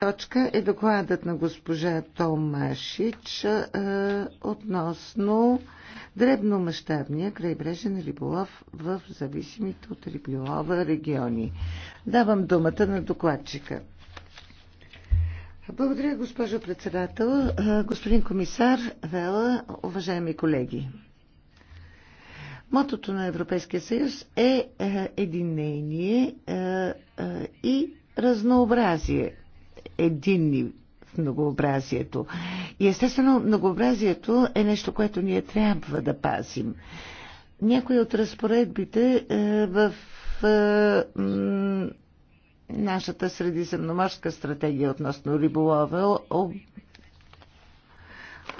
точка е докладът на госпожа Томашич е, относно дребномащабния крайбрежен риболов в зависимите от риболова региони. Давам думата на докладчика. Благодаря, госпожо председател, е, господин комисар Вела, уважаеми колеги. Мотото на Европейския съюз е, е единение е, и разнообразие единни в многообразието. И естествено, многообразието е нещо, което ние трябва да пазим. Някои от разпоредбите е, в е, нашата средиземноморска стратегия относно риболова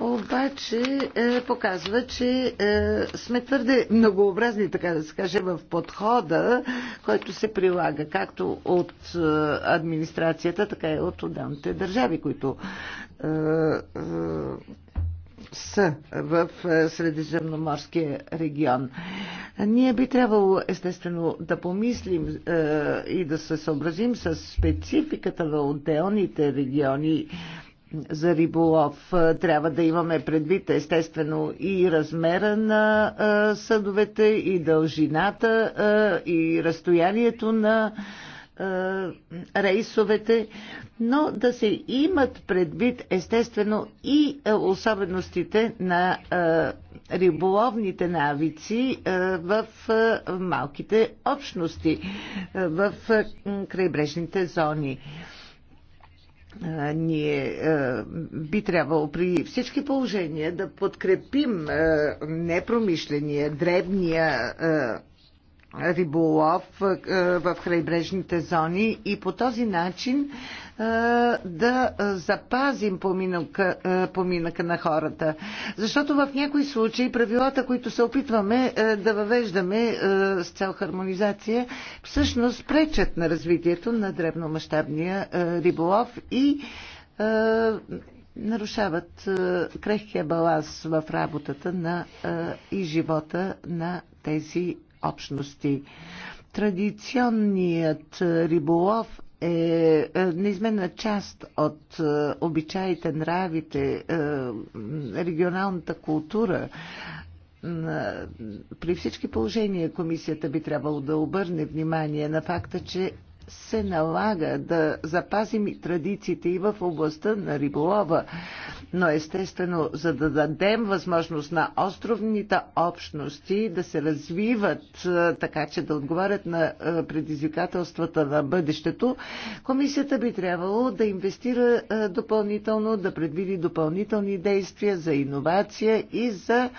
обаче е, показва, че е, сме твърде многообразни, така да се каже, в подхода, който се прилага както от е, администрацията, така и от отделните държави, които е, е, са в е, Средиземноморския регион. Ние би трябвало естествено да помислим е, и да се съобразим с спецификата на отделните региони за риболов. Е, трябва да имаме предвид естествено и размера на е, съдовете, и дължината, е, и разстоянието на рейсовете, но да се имат предвид естествено и особеностите на риболовните навици в малките общности, в крайбрежните зони ние би трябвало при всички положения да подкрепим непромишления, дребния риболов е, в крайбрежните зони и по този начин е, да запазим поминъка, е, поминъка на хората. Защото в някои случаи правилата, които се опитваме да въвеждаме с цел хармонизация, всъщност пречат на развитието на дребномащабния риболов и нарушават крехкия баланс в работата на, и живота на тези общности. Традиционният е, риболов е, е неизменна част от е, обичаите, нравите, регионалната култура. При всички положения комисията би трябвало да обърне внимание на факта, че се налага да запазим и традициите и в областта на риболова. Но естествено, за да дадем възможност на островните общности да се развиват така, че да отговарят на предизвикателствата на бъдещето, комисията би трябвало да инвестира допълнително, да предвиди допълнителни действия за иновация и за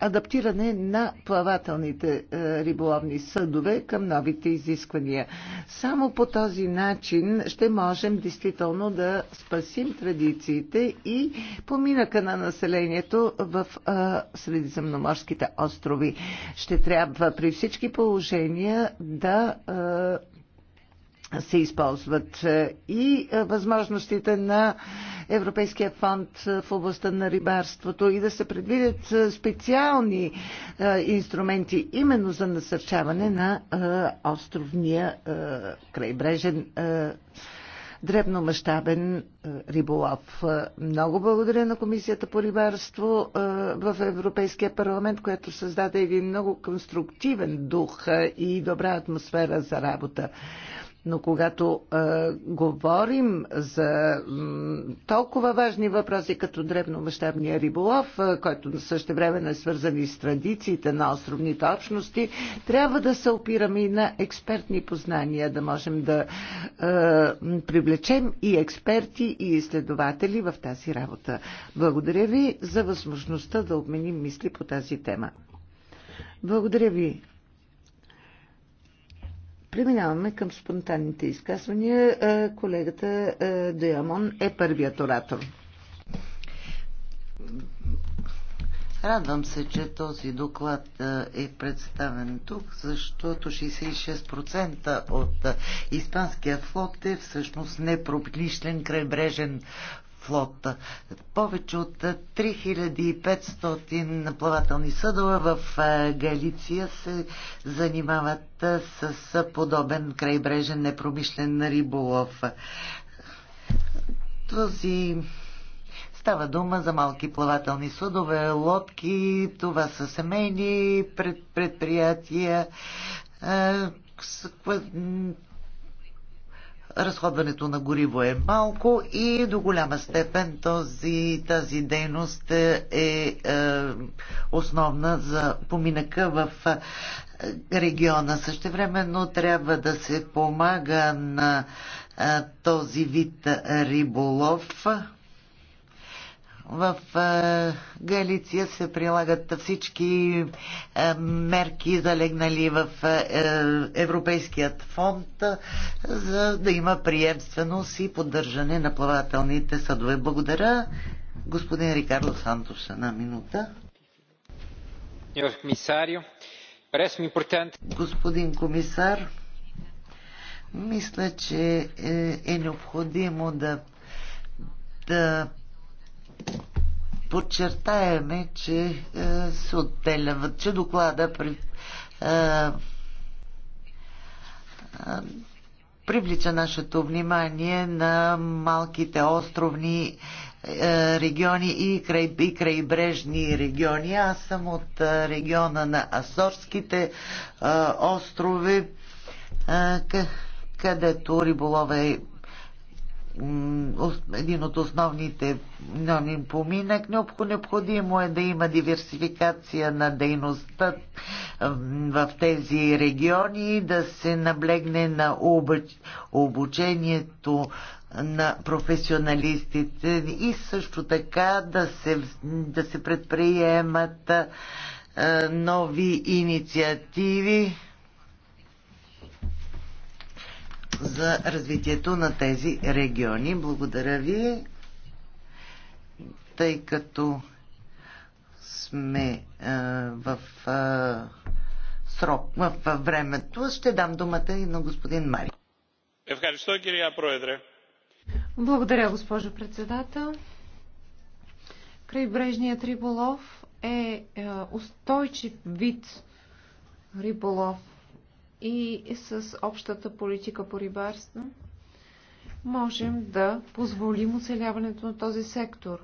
адаптиране на плавателните е, риболовни съдове към новите изисквания. Само по този начин ще можем действително да спасим традициите и поминъка на населението в е, Средиземноморските острови. Ще трябва при всички положения да е, се използват е, и е, възможностите на Европейския фонд е, в областта на рибарството и да се предвидят специални инструменти именно за насърчаване на островния крайбрежен дребномащабен риболов. Много благодаря на Комисията по рибарство в Европейския парламент, която създаде един много конструктивен дух и добра атмосфера за работа. Но когато а, говорим за м, толкова важни въпроси, като древномащабния риболов, а, който също време е свързан и с традициите на островните общности, трябва да се опираме и на експертни познания, да можем да е, привлечем и експерти, и изследователи в тази работа. Благодаря ви за възможността да обменим мисли по тази тема. Благодаря ви, Преминаваме към спонтанните изказвания. Е, колегата е, Деямон е първият оратор. Радвам се, че този доклад е, е представен тук, защото 66% от испанския флот е всъщност непромишлен крайбрежен флот. Повече от 3500 плавателни съдове в е, Галиция се занимават е, с е, подобен крайбрежен непромишлен риболов. Този Става дума за малки плавателни съдове, лодки, това са семейни предприятия, разходването на гориво е малко и до голяма степен този, тази дейност е, е, е основна за поминъка в е, региона. Същевременно трябва да се помага на е, този вид риболов в е, Галиция се прилагат всички е, мерки, залегнали в е, Европейският фонд, за да има приемственост и поддържане на плавателните съдове. Благодаря. Господин Рикардо Сантос, една минута. Господин комисар, мисля, че е необходимо да, да подчертаеме, че е, се отделя, че доклада при, е, е, привлича нашето внимание на малките островни е, региони и, край, и крайбрежни региони. Аз съм от е, региона на Асорските острови, където риболова е един от основните поминък. Необходимо е да има диверсификация на дейността в тези региони, да се наблегне на обучението на професионалистите и също така да се, да се предприемат нови инициативи за развитието на тези региони. Благодаря ви, тъй като сме а, в а, срок, в, в времето, ще дам думата и на господин Мари. Евхаристо, кирия проедре. Благодаря, госпожо председател. Крайбрежният риболов е, е устойчив вид риболов и с общата политика по рибарство, можем да позволим оцеляването на този сектор.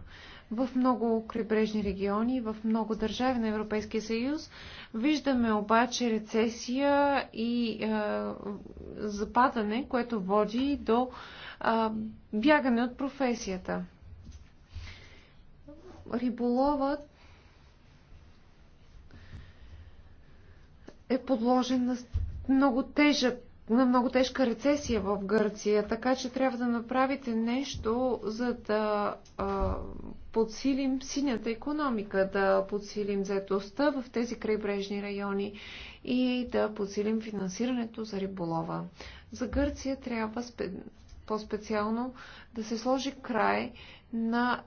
В много крайбрежни региони, в много държави на Европейския съюз виждаме обаче рецесия и е, западане, което води до е, бягане от професията. Риболовът е подложен на много тежък на много тежка рецесия в Гърция, така че трябва да направите нещо, за да а, подсилим синята економика, да подсилим заетостта в тези крайбрежни райони и да подсилим финансирането за риболова. За Гърция трябва спе... по-специално да се сложи край на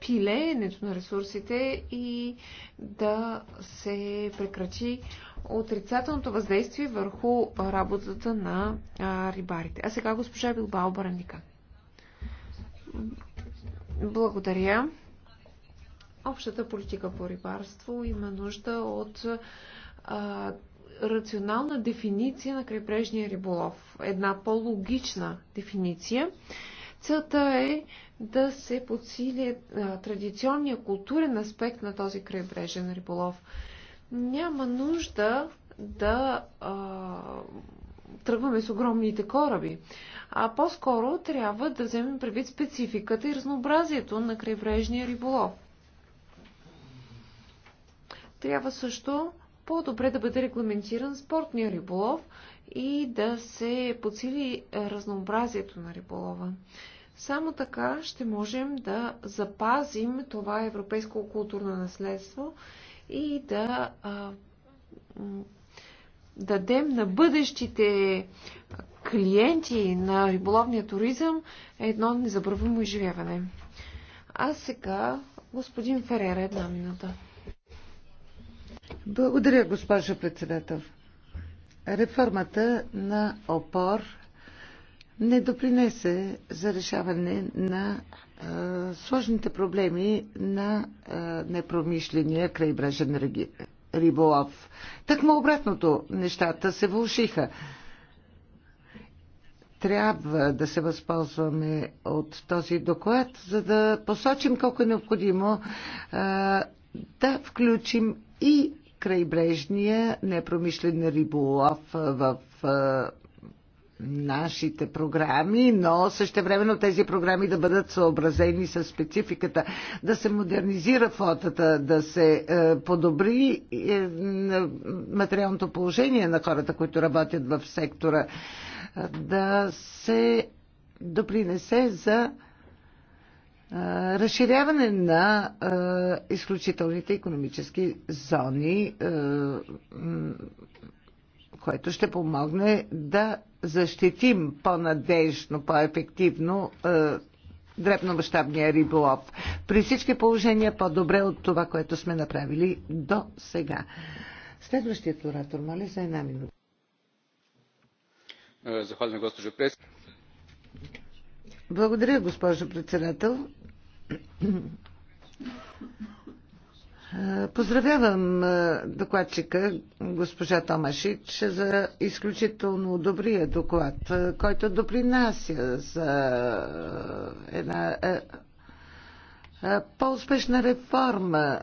пилеенето на ресурсите и да се прекрати отрицателното въздействие върху работата на а, рибарите. А сега госпожа Билбао Бараника. Благодаря. Общата политика по рибарство има нужда от а, рационална дефиниция на крайбрежния риболов. Една по-логична дефиниция. Целта е да се подсили а, традиционния културен аспект на този крайбрежен риболов няма нужда да а, тръгваме с огромните кораби, а по-скоро трябва да вземем предвид спецификата и разнообразието на крайбрежния риболов. Трябва също по-добре да бъде регламентиран спортния риболов и да се подсили разнообразието на риболова. Само така ще можем да запазим това европейско културно наследство и да а, дадем на бъдещите клиенти на риболовния туризъм едно незабравимо изживяване. А сега господин Ферера една минута. Благодаря, госпожо председател. Реформата на ОПОР не допринесе за решаване на сложните проблеми на непромишления крайбрежен риболов. Такмо обратното, нещата се вълшиха. Трябва да се възползваме от този доклад, за да посочим колко е необходимо да включим и крайбрежния непромишлен риболов в нашите програми, но същевременно тези програми да бъдат съобразени с спецификата, да се модернизира флотата, да се е, подобри е, материалното положение на хората, които работят в сектора, е, да се допринесе за разширяване на изключителните економически зони, което ще помогне да защитим по-надежно, по-ефективно е, дребномащабния риболов. При всички положения по-добре от това, което сме направили до сега. Следващият оратор, моля за една минута. Е, захвалям, госпожо Прес. Благодаря, госпожо председател. Поздравявам докладчика госпожа Томашич за изключително добрия доклад, който допринася за една по-успешна реформа,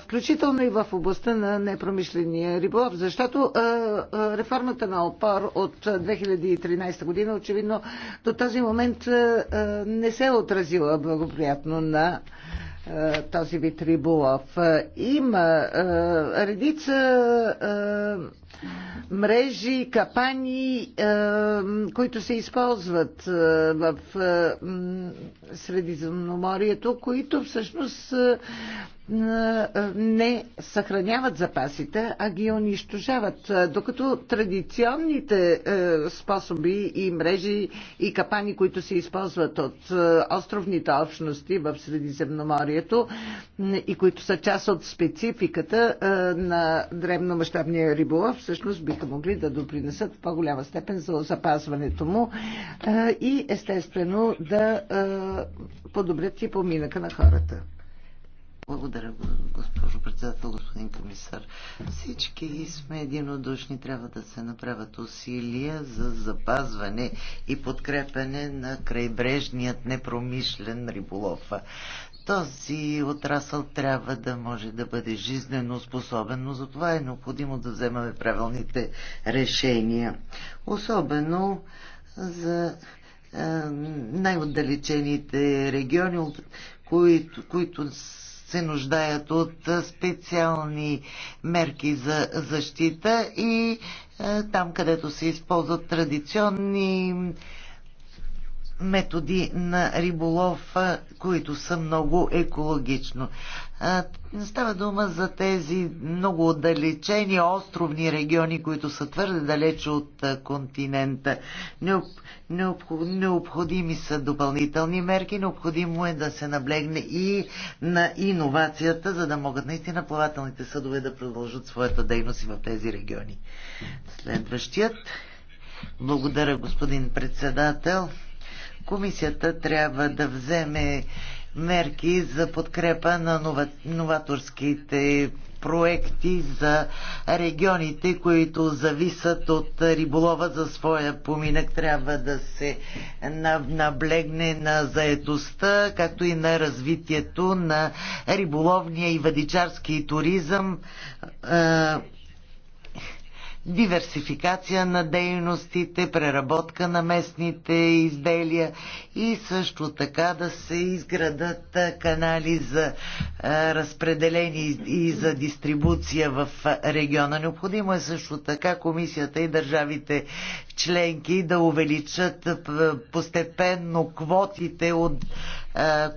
включително и в областта на непромишления риболов, защото реформата на опор от 2013 година очевидно до този момент не се е отразила благоприятно на е, този вид риболов. Е, има е, редица мрежи, капани, които се използват в Средиземноморието, които всъщност не съхраняват запасите, а ги унищожават. Докато традиционните способи и мрежи и капани, които се използват от островните общности в Средиземноморието и които са част от спецификата на древномащабния риболов, всъщност биха могли да допринесат в по-голяма степен за запазването му и естествено да подобрят и поминъка на хората. Благодаря, госпожо председател, господин комисар. Всички сме единодушни. Трябва да се направят усилия за запазване и подкрепене на крайбрежният непромишлен риболов. Този отрасъл трябва да може да бъде жизнено способен, но за това е необходимо да вземаме правилните решения. Особено за е, най-отдалечените региони, които, които се нуждаят от специални мерки за защита и там, където се използват традиционни методи на риболов, които са много екологично. Става дума за тези много отдалечени островни региони, които са твърде далече от континента. Необходими са допълнителни мерки, необходимо е да се наблегне и на иновацията, за да могат наистина плавателните съдове да продължат своята дейност и в тези региони. Следващият. Благодаря, господин председател комисията трябва да вземе мерки за подкрепа на нова, новаторските проекти за регионите, които зависят от риболова за своя поминък. Трябва да се наблегне на заедостта, както и на развитието на риболовния и вадичарски туризъм диверсификация на дейностите, преработка на местните изделия и също така да се изградат канали за разпределение и за дистрибуция в региона. Необходимо е също така комисията и държавите членки да увеличат постепенно квотите, от,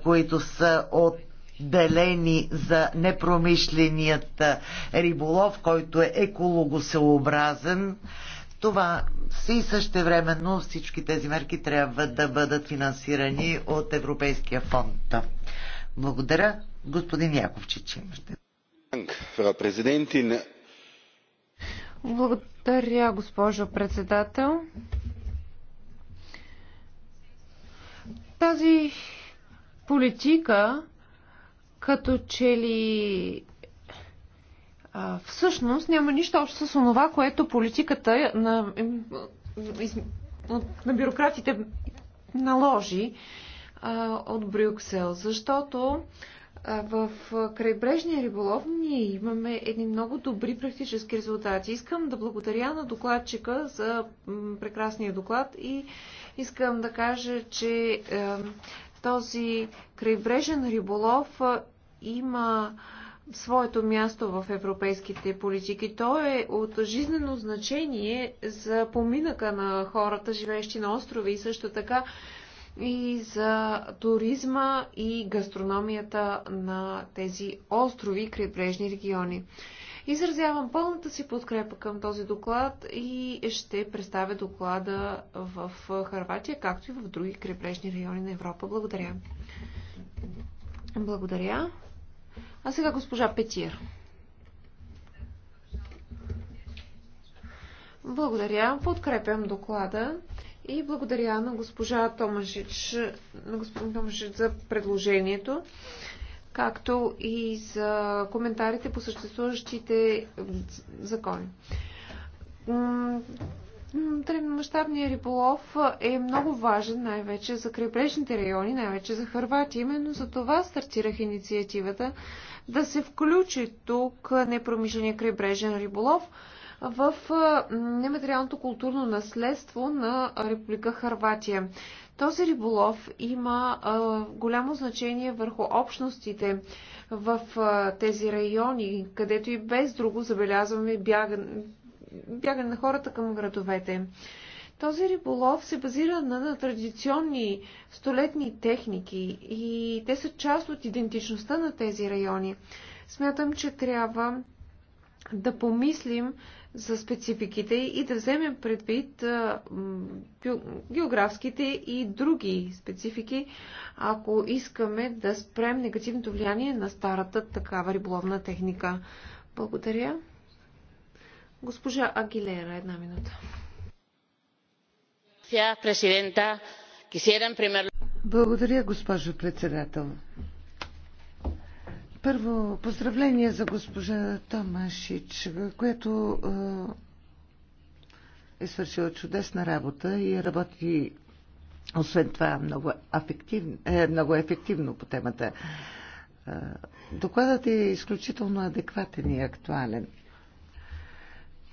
които са от отделени за непромишленият риболов, който е екологосъобразен. Това си същевременно всички тези мерки трябва да бъдат финансирани от Европейския фонд. Благодаря. Господин Яковчич, имате. Благодаря, госпожо председател. Тази политика като че ли а, всъщност няма нищо общо с това, което политиката на, на бюрократите наложи а, от Брюксел, защото в крайбрежния риболов ние имаме едни много добри практически резултати. Искам да благодаря на докладчика за прекрасния доклад и искам да кажа, че този крайбрежен риболов има своето място в европейските политики. То е от жизнено значение за поминъка на хората, живеещи на острови и също така и за туризма и гастрономията на тези острови и крайбрежни региони. Изразявам пълната си подкрепа към този доклад и ще представя доклада в Харватия, както и в други крайбрежни райони на Европа. Благодаря. Благодаря. А сега госпожа Петир. Благодаря. Подкрепям доклада и благодаря на госпожа Томашич, на господин Томашич за предложението, както и за коментарите по съществуващите закони. Тренмащабният риболов е много важен най-вече за крайбрежните райони, най-вече за Харватия. Именно за това стартирах инициативата да се включи тук непромишления крайбрежен риболов в нематериалното културно наследство на Република Харватия. Този риболов има голямо значение върху общностите в тези райони, където и без друго забелязваме бягане бяга на хората към градовете. Този риболов се базира на, на традиционни столетни техники и те са част от идентичността на тези райони. Смятам, че трябва да помислим за спецификите и да вземем предвид географските и други специфики, ако искаме да спрем негативното влияние на старата такава риболовна техника. Благодаря. Госпожа Агилера, една минута. Благодаря, госпожо председател. Първо, поздравление за госпожа Томашич, която е, е свършила чудесна работа и работи, освен това, много, афективно, е, много ефективно по темата. Е, докладът е изключително адекватен и актуален.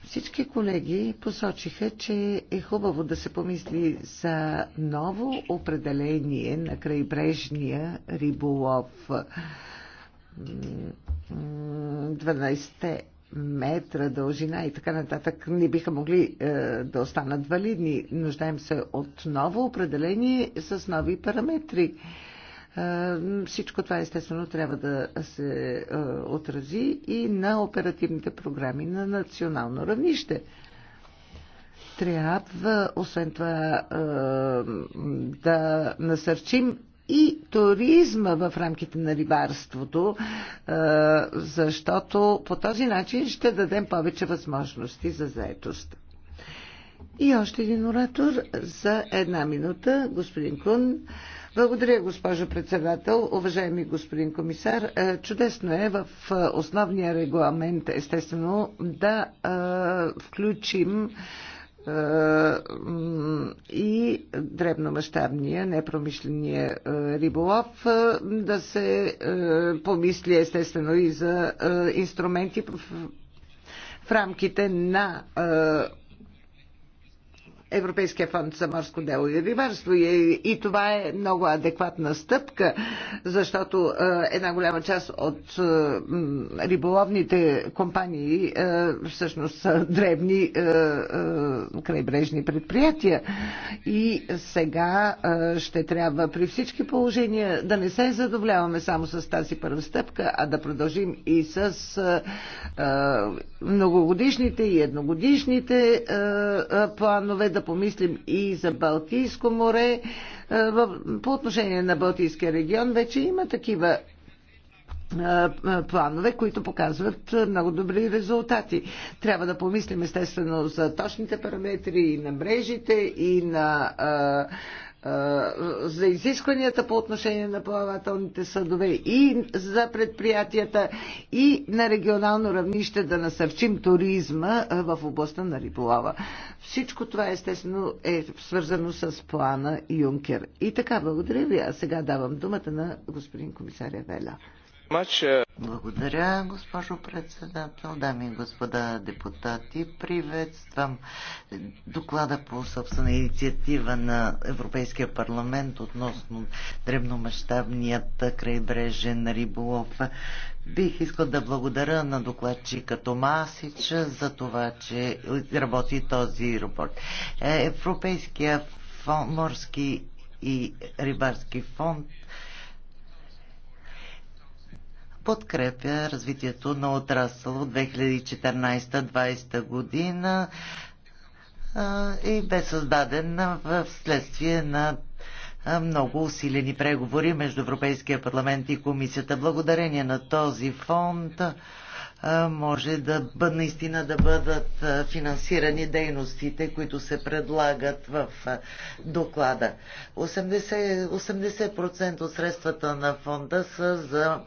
Всички колеги посочиха, че е хубаво да се помисли за ново определение на крайбрежния риболов. 12 метра дължина и така нататък не биха могли е, да останат валидни. Нуждаем се от ново определение с нови параметри. Всичко това естествено трябва да се отрази и на оперативните програми на национално равнище. Трябва, освен това, да насърчим и туризма в рамките на рибарството, защото по този начин ще дадем повече възможности за заетост. И още един оратор за една минута, господин Кун. Благодаря, госпожо председател. Уважаеми господин комисар, е, чудесно е в е, основния регламент, естествено, да е, включим и дребномащабния, непромишления риболов, да се помисли естествено и за инструменти в рамките на Европейския фонд за морско дело и рибарство. И, и това е много адекватна стъпка, защото е, една голяма част от е, риболовните компании е, всъщност са дребни е, е, крайбрежни предприятия. И сега е, ще трябва при всички положения да не се задоволяваме само с тази първа стъпка, а да продължим и с е, е, многогодишните и едногодишните е, е, планове да помислим и за Балтийско море. Е, по отношение на Балтийския регион вече има такива е, е, планове, които показват много добри резултати. Трябва да помислим естествено за точните параметри и на мрежите, и на за изискванията по отношение на плавателните съдове и за предприятията и на регионално равнище да насърчим туризма в областта на риболова. Всичко това естествено е свързано с плана Юнкер. И така, благодаря ви. А сега давам думата на господин комисаря Веля. Благодаря, госпожо председател, дами и господа депутати. Приветствам доклада по собствена инициатива на Европейския парламент относно древномащабният крайбрежен риболов. Бих искал да благодаря на докладчика Томасич за това, че работи този рапорт. Европейския морски и рибарски фонд подкрепя развитието на отрасъл от 2014-2020 година и бе създаден в следствие на много усилени преговори между Европейския парламент и комисията. Благодарение на този фонд може да бъд, наистина да бъдат финансирани дейностите, които се предлагат в доклада. 80%, 80% от средствата на фонда са за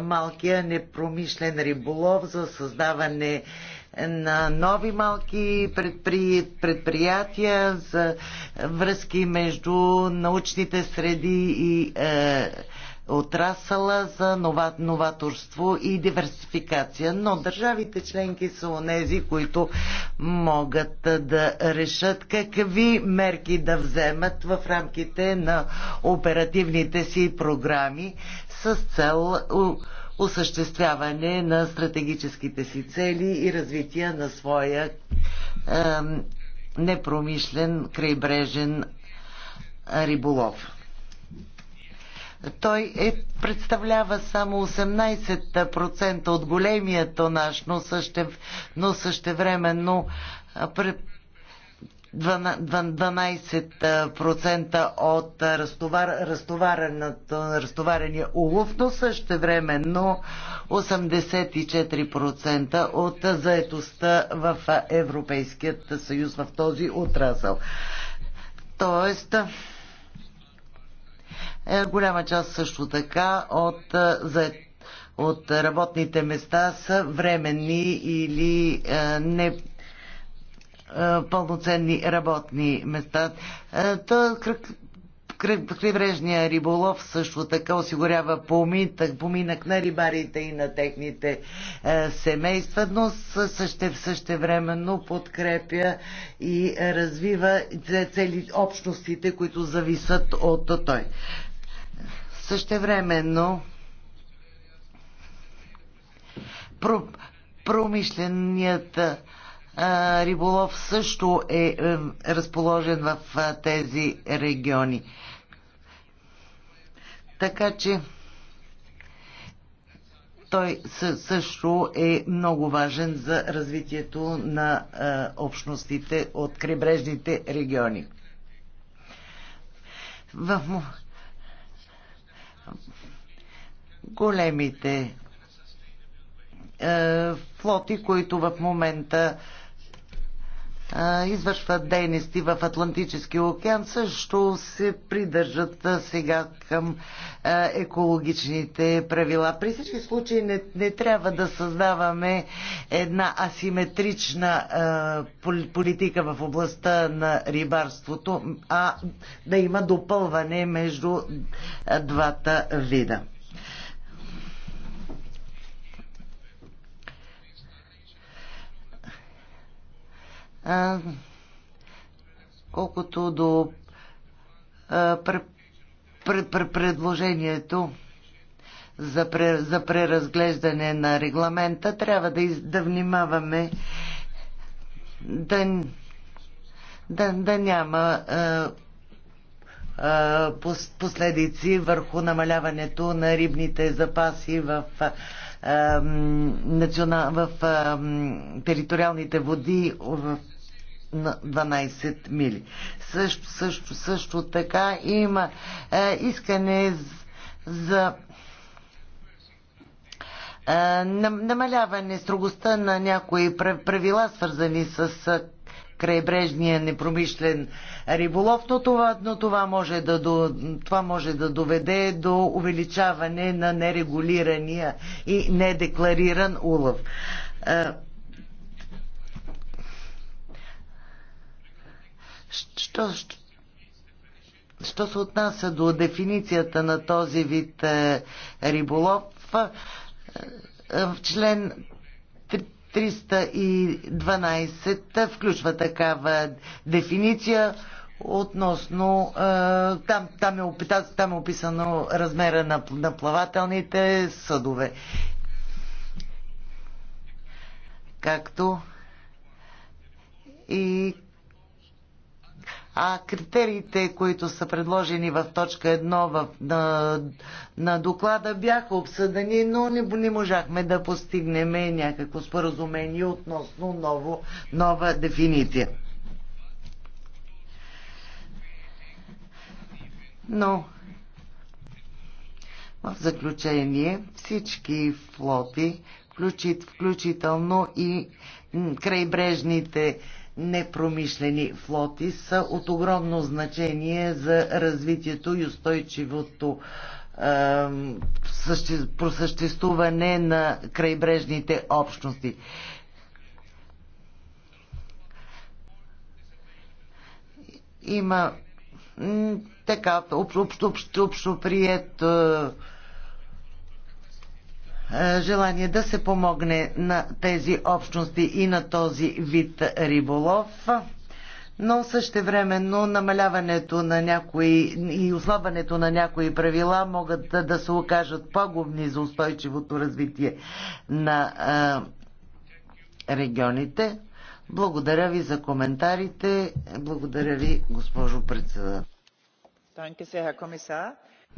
малкия непромишлен риболов, за създаване на нови малки предпри... предприятия, за връзки между научните среди и е, отрасъла за нова, новаторство и диверсификация. Но държавите членки са онези, които могат да решат какви мерки да вземат в рамките на оперативните си програми с цел осъществяване на стратегическите си цели и развитие на своя е, непромишлен крайбрежен риболов. Той е, представлява само 18% от големия тонаж, но, също, но същевременно 12% от разтовар, разтоварения улов, но същевременно 84% от заетостта в Европейският съюз в този отрасъл. Тоест, е, голяма част също така от, е, за, от работните места са временни или е, не пълноценни работни места. То, крибрежния риболов също така осигурява поминък, поминък на рибарите и на техните е, семейства, но също същевременно подкрепя и развива цели общностите, които зависят от той. Същевременно про, промишленият а, риболов също е е разположен в а, тези региони. Така че той също е много важен за развитието на а, общностите от крайбрежните региони. В големите е, флоти, които в момента извършват дейности в Атлантическия океан, също се придържат сега към екологичните правила. При всички случаи не, не трябва да създаваме една асиметрична политика в областта на рибарството, а да има допълване между двата вида. А, колкото до а, пр, пр, пр, предложението за, за преразглеждане на регламента, трябва да, из, да внимаваме да, да, да няма а, последици върху намаляването на рибните запаси в национал, в териториалните води в на 12 мили. Също, също, също така има е, искане за е, намаляване строгостта на някои правила, свързани с е, крайбрежния непромишлен риболов, но това, но това, може, да, това може да доведе до увеличаване на нерегулирания и недеклариран улов. Е, Що, що, що се отнася до дефиницията на този вид е, риболов, е, е в член 312 включва такава дефиниция относно е, там, там, е, там е описано размера на, на плавателните съдове. Както и а критериите, които са предложени в точка 1 в, на, на доклада бяха обсъдени, но не, не можахме да постигнем някакво споразумение относно ново, нова дефиниция. Но в заключение всички флоти, включително и крайбрежните непромишлени флоти са от огромно значение за развитието и устойчивото просъществуване на крайбрежните общности. Има така общо, общо, общо прието е, желание да се помогне на тези общности и на този вид риболов но същевременно намаляването на някои и ослабването на някои правила могат да се окажат пагубни за устойчивото развитие на а, е, регионите. Благодаря ви за коментарите. Благодаря ви, госпожо председател.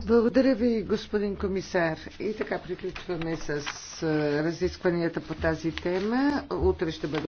Благодаря ви, господин комисар. И така приключваме с разискванията по тази тема. Утре ще бъде.